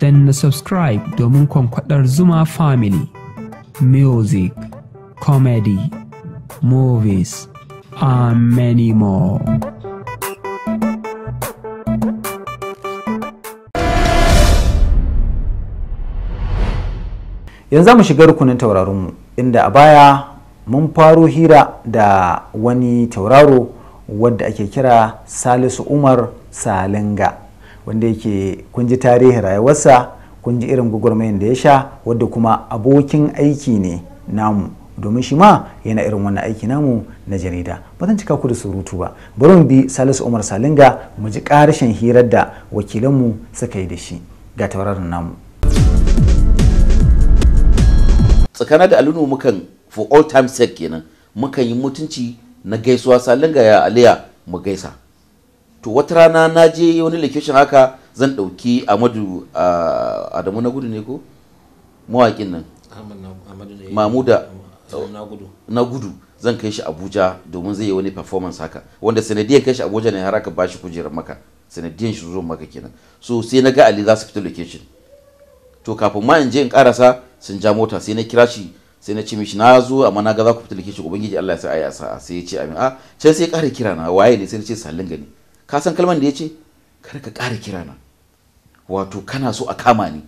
na subscribe domin kwankwadar zuma family music comedy movies and many more yanzu mu shiga rukunin taurarinmu inda a baya mun faro hira da wani tauraro wadda ake kira salisu umar salinga wanda yake kun ji tarihin rayuwarsa kun ji irin gwagwarmayin da ya sha wadda kuma abokin aiki ne namu domin shi ma yana irin wannan aiki namu na jarida ba zan cika ku da surutu ba bari mu bi salisu umar salinga mu ji karshen hirar da wakilanmu suka yi da shi ga tauraron namu tsakana da alunu mukan for all time sake kenan mukan yi mutunci na gaisuwa salinga ya aliya mu gaisa to wata rana na je wani location haka zan ɗauki amadu adamu na gudu ne ko mawaƙin nan mamuda na gudu zan kai shi abuja domin zai yi wani performance haka wanda sanadiyar kai shi abuja ne har aka ba shi kujerar maka sanadiyar shi zuwa maka kenan so sai na ga ali za su fita location to kafin ma in je in karasa sun ja mota sai na kira shi sai na ce mishi na zo amma na ga za ku fita location ubangiji Allah ya sa a sai ya ce amin a ah, can sai ya kara kira na waye ne sai na ce salinga ne ka san kalmar da ya ce kada ka ƙara kira na wato kana so a kama ni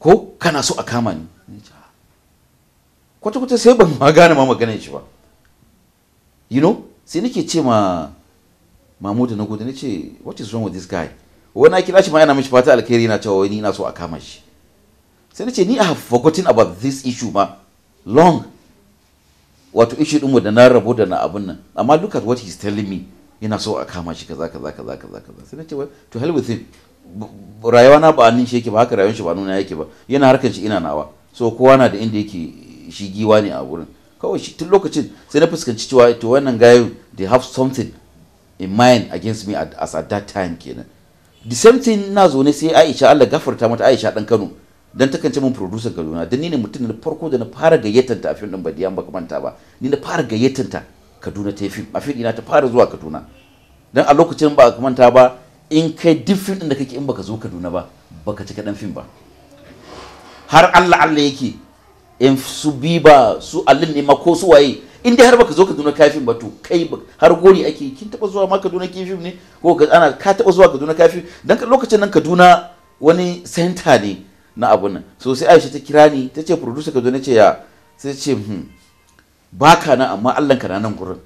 ko kana so a kama ni kwata-kwata sai ban ma gane ma magana shi ba you know sai nake ce ma mamudu na gudu nace what is wrong with this guy wani kira shi ma yana mishi fata alkhairi yana cewa wani na so a kama shi sai nace ni i have forgotten about this issue ma long wato issue din da na rabu da na abun nan amma look at what he's telling me yana so a kama shi kaza kaza kaza kaza kaza sai na to hell with rayuwa na ba annin shi yake ba haka rayuwar shi ba nuna yake ba yana harkar shi ina nawa so kowa na da inda yake shi giwa ne a wurin kawai shi tun lokacin sai na fuskanci cewa to wannan gayu they have something in mind against me as at that time kenan the same thing na zo ne sai Aisha Allah gafarta mata Aisha dan Kano dan ta kance mun producer Kaduna dan ni ne mutum na farko da na fara gayyatar ta a fim din Badiyan ba kamanta ba ni na fara gayyatar ta Kaduna ta fim a fim ina ta fara zuwa Kaduna don a lokacin ba ka manta ba in kai duk fim ɗin da kake in baka zo kaduna ba baka cika dan fim ba har allah allah yake in su biba su allin ne ma ko su waye in dai har baka zo kaduna fim ba to kai har gori ake kin taba zuwa ma kaduna fim ne ko ka ana ka taba zuwa kaduna kafin dan lokacin nan kaduna wani center ne na abun nan so sai aisha ta kira ni ta ce producer kaduna ce ya sai ce hmm baka nan amma allan ka na nan gurin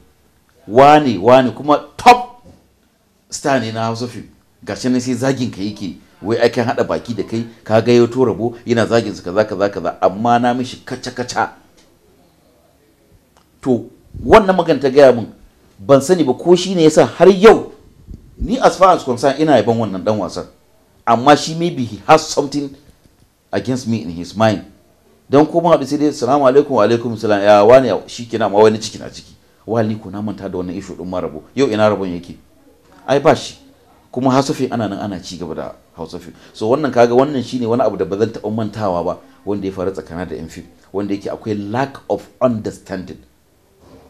wane wane kuma top star ne na Hausa fim garshen sai zagin ka yake wai ai kan hada baki da kai ka ga yau to rabo yana zagin su kaza kaza kaza amma na mishi kaca kaca to wannan magana ta gaya mun ban sani ba ko shine yasa har yau ni as far as concern ina yaban wannan dan wasan amma shi maybe he has something against me in his mind don ko ma haɗu sai dai assalamu alaikum wa alaikum salam ya wani shi kina ma wani ciki na ciki wani ko na manta da wannan issue din ma rabo yau ina rabon yake ai ba shi kuma hasafi ana nan ana ci gaba da hausafi so wannan kaga wannan shine wani abu da ba zan taɓa mantawa ba wanda ya faru tsakana da yan fim wanda yake akwai lack of understanding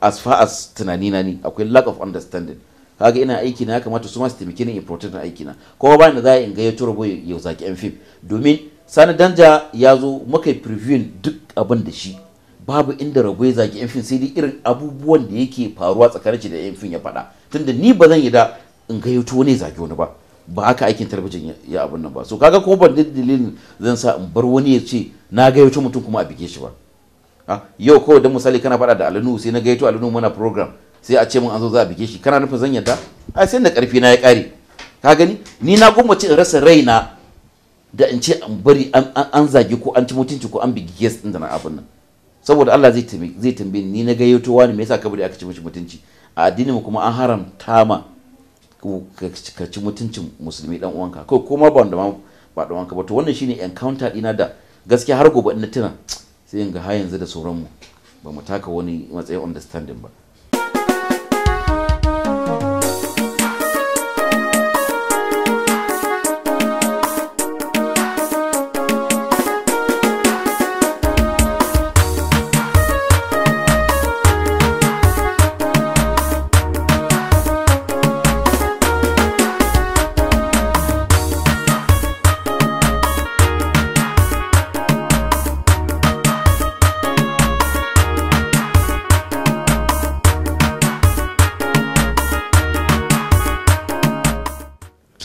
as far as tunani na ni akwai lack of understanding kaga ina aiki na ya kamata su ma su taimake ni in protect na aiki na kuma bani ni za in ga ya turo boye ya zaki yan fim domin sani danja ya zo muka preview duk abin da shi babu inda rabo ya zaki yan fim sai dai irin abubuwan da yake faruwa tsakanin shi da yan fim ya faɗa tunda ni ba zan yi da in gayyato wani zagi wani ba ba haka aikin talabijin ya abun nan ba so kaga ko ban dalilin zan sa in bar wani ya ce na gayyato mutum kuma a bige shi ba yau kawai dan misali kana faɗa da alunu sai na gayyato alunu mana program sai a ce mun an zo za a bige shi kana nufin zan yadda ai sai da karfi na ya kare ka gani ni na gwammace in rasa raina da in ce an bari an zagi ko an ci mutunci ko an bige kes din da na abin nan saboda Allah zai tambaye ni na gayyato wani me yasa ka bari aka ci mutunci a addinin mu kuma an haramta ma ka ci mutuncin musulmi dan uwanka ko kuma ba wanda ba da uwanka ba to wannan shine encounter dina da gaskiya har gobe ina tuna sai in ga har yanzu da sauranmu ba mu taka wani matsayin understanding ba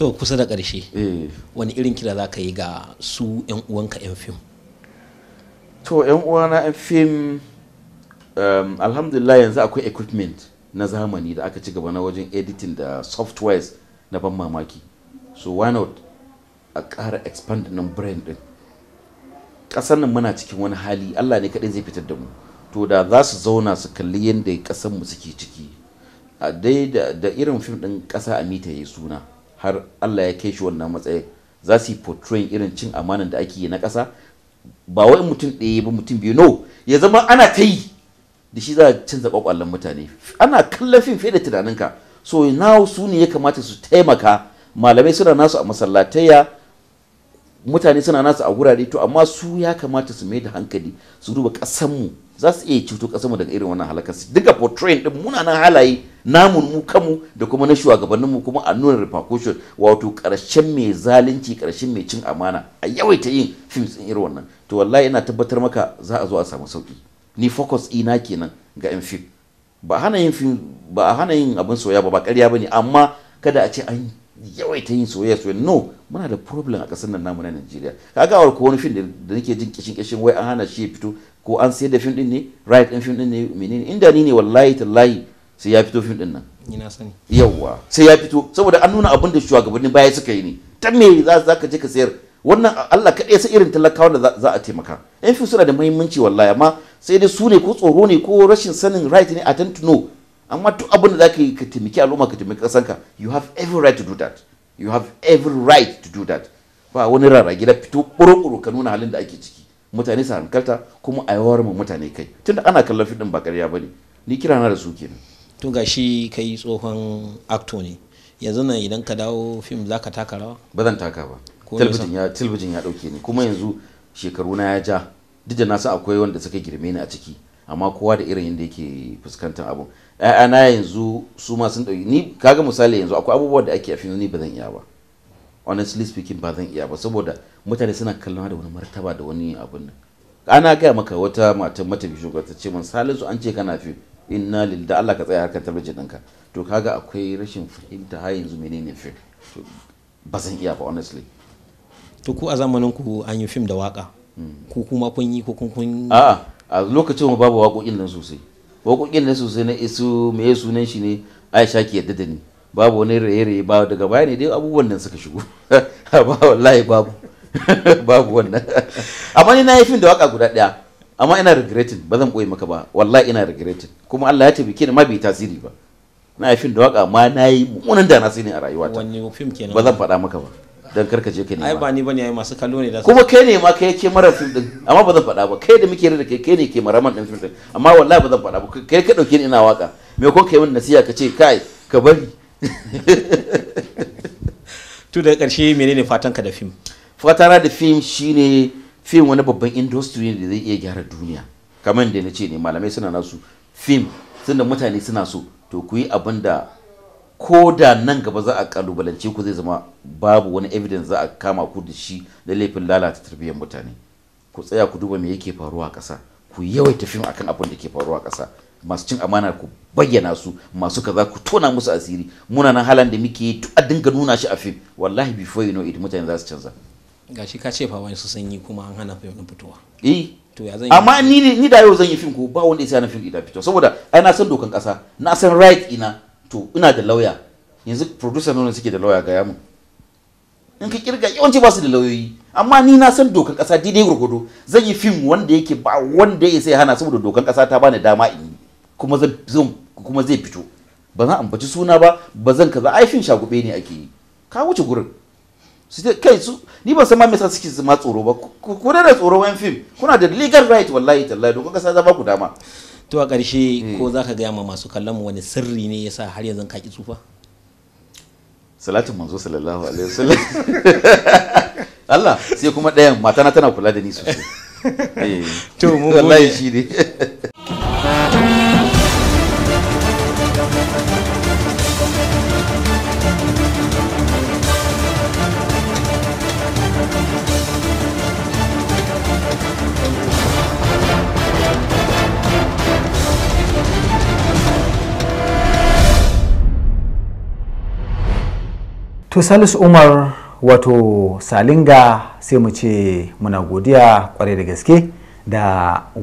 to kusa da ƙarshe eh. wani irin kira za ka yi ga su 'yan uwanka 'yan fim to 'yan uwana 'yan fim um, alhamdulillah yanzu akwai equipment na zamani da aka ci gaba na wajen editing da softwares na ban mamaki so why not a ƙara expand nan brand din ƙasar nan muna cikin wani hali allah ne kaɗai zai fitar da mu to da za su zauna su kalli yadda ƙasar mu suke ciki a dai da irin fim ɗin ƙasa a mita ya suna har Allah ya kai shi wannan matsayi za su yi portraying irin cin amanan da ake yi na ƙasa ba wai mutum ɗaya ba mutum biyu no ya zama ana ta yi da shi za a canza kwakwallon mutane ana kallon fim fiye da tunaninka so now su ne ya kamata su taimaka malamai suna nasu a masallataiya. mutane suna nasu a wurare, to amma su ya kamata su mai da hankali su duba ƙasanmu za su iya cuto mu daga irin wannan halakar su duka portrayal din munanan halaye namun mu kanmu da kuma na mu kuma a nuna repercussion wato karshen mai zalunci karshen mai cin amana a yawaita yin films din irin wannan to wallahi ina tabbatar maka za a zo a samu sauki ni focus ina kenan ga yan film ba hana yin film ba a hana yin abin soyayya ba ba ƙarya bane amma kada a ce an yawaita yin soyayya soyayya no muna da problem a ƙasar nan namu na Najeriya kaga awar wani film da nake jin kishin kishin wai an hana shi ya fito ko an sayar da fim din ne right din fim din ne menene inda ni ne wallahi tallahi sai ya fito fim din nan ina sani yawa sai ya fito saboda an nuna abin da shugabanni baya suka yi ne ta me za za ka je ka sayar wannan Allah kaɗai sai irin talakawa da za a taimaka yan fim suna da muhimmanci wallahi amma sai dai su ne ko tsoro ne ko rashin sanin right ne a no amma duk abin da za ka yi ka taimaki al'umma ka taimaki ƙasanka you have every right to do that you have every right to do that ba wani rara gida fito ɓuro ka nuna halin da ake ciki mutane su hankalta kuma a yawar mu mutane kai tun da ana kallon fim ba ƙarya bane ni kira na da su kenan to shi kai tsohon acto ne yanzu nan idan ka dawo fim za ka taka rawa ba zan taka ba talbijin ya ɗauke ni kuma yanzu shekaru na ya ja duk da na sa akwai wanda suka girme ni a ciki amma kowa da irin yadda yake fuskantar abu ɗaya na yanzu su ma sun ɗauki ni kaga misali yanzu akwai abubuwan da ake a fim ni ba zan iya ba honestly speaking ba zan iya ba saboda mutane suna kallon da wani martaba da wani abin nan ana gaya maka wata matan matafi shugaba ta ce min salisu an ce kana fi inna lil da Allah ka tsaya harkar talabijin ɗinka to kaga akwai rashin fahimta har yanzu menene fi ba zan iya ba honestly to ku a zamanin ku an yi fim da waka hmm. ko kuma kun yi ko kun a a lokacin mu babu waƙoƙin nan sosai waƙoƙin nan sosai na isu me sunan shi ne Aisha ki yadda da ni babu wani raye-raye ba daga baya ne dai abubuwan nan suka shigo ba wallahi babu babu wannan amma ni na yi fim da waka guda daya amma ina regretting ba zan koyi maka ba wallahi ina regretting kuma Allah ya tabbike ni ma bai tasiri ba na yi fim da waka amma na yi mummunan da na sani a rayuwata wani fim kenan ba zan faɗa maka ba dan ka je ka nema ai ba ni bane ai masu kallo ne da kuma kai ne ma kai yake mara fim din amma ba zan faɗa ba kai da muke da kai kai ne ke man din fim din amma wallahi ba zan faɗa ba kai ka dauke ni ina waka me ko kai min nasiha ka ce kai ka bari to da karshe menene fatan ka da fim fatana da fim shine fim wani babban industry ne da zai iya gyara duniya kamar da na ce ne malamai suna nasu fim tunda mutane suna so to ku yi abin da ko da nan gaba za a kalubalance ku zai zama babu wani evidence za a kama ku da shi da laifin lalata tarbiyyar mutane ku tsaya ku duba me yake faruwa a ƙasa ku yawaita fim akan abin da ke faruwa a ƙasa masu cin amana ku bayyana su masu kaza ku tona musu asiri muna nan halan da muke yi a dinga nuna shi a fim wallahi before you know it mutane za su canza gashi ka ce fa wani su sanyi kuma an hana fim fitowa eh to ya zan amma ni ni da yau zan yi fim ko ba wanda ya na fim ita fito saboda ai na san dokan kasa na san right ina to ina da lauya yanzu producer nuna suke da lauya ga yamu in ka kirga yawanci ba su da lauyoyi amma ni na san dokan kasa daidai gurgudu zan yi fim wanda yake ba wanda ya sai hana saboda dokan kasa ta bani dama in kuma zan kuma zai fito ba zan ambaci suna ba ba zan kaza aifin shagube ne ake yi ka wuce gurin kai su ni ban san ma me yasa suke zama tsoro ba ku da tsoro wayan fim kuna da legal right wallahi tallahi don kasa za ba ku dama to a ƙarshe eh. ko za ka gaya ma masu kallon mu wani sirri ne yasa har yanzu ka ki tsufa salatu manzo sallallahu alaihi wasallam Allah sai kuma ɗayan matana tana kula da ni sosai eh. to mu wallahi shi ne to salisu umar wato salinga sai mu ce muna godiya kwarai da gaske da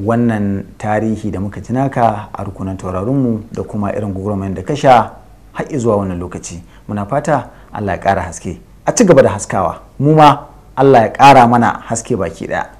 wannan tarihi da muka ji naka a rukunan taurarinmu da kuma irin gurman da kasha sha har zuwa wannan lokaci muna fata allah ya ƙara haske a ci gaba da haskawa mu ma allah ya ƙara mana haske baki ɗaya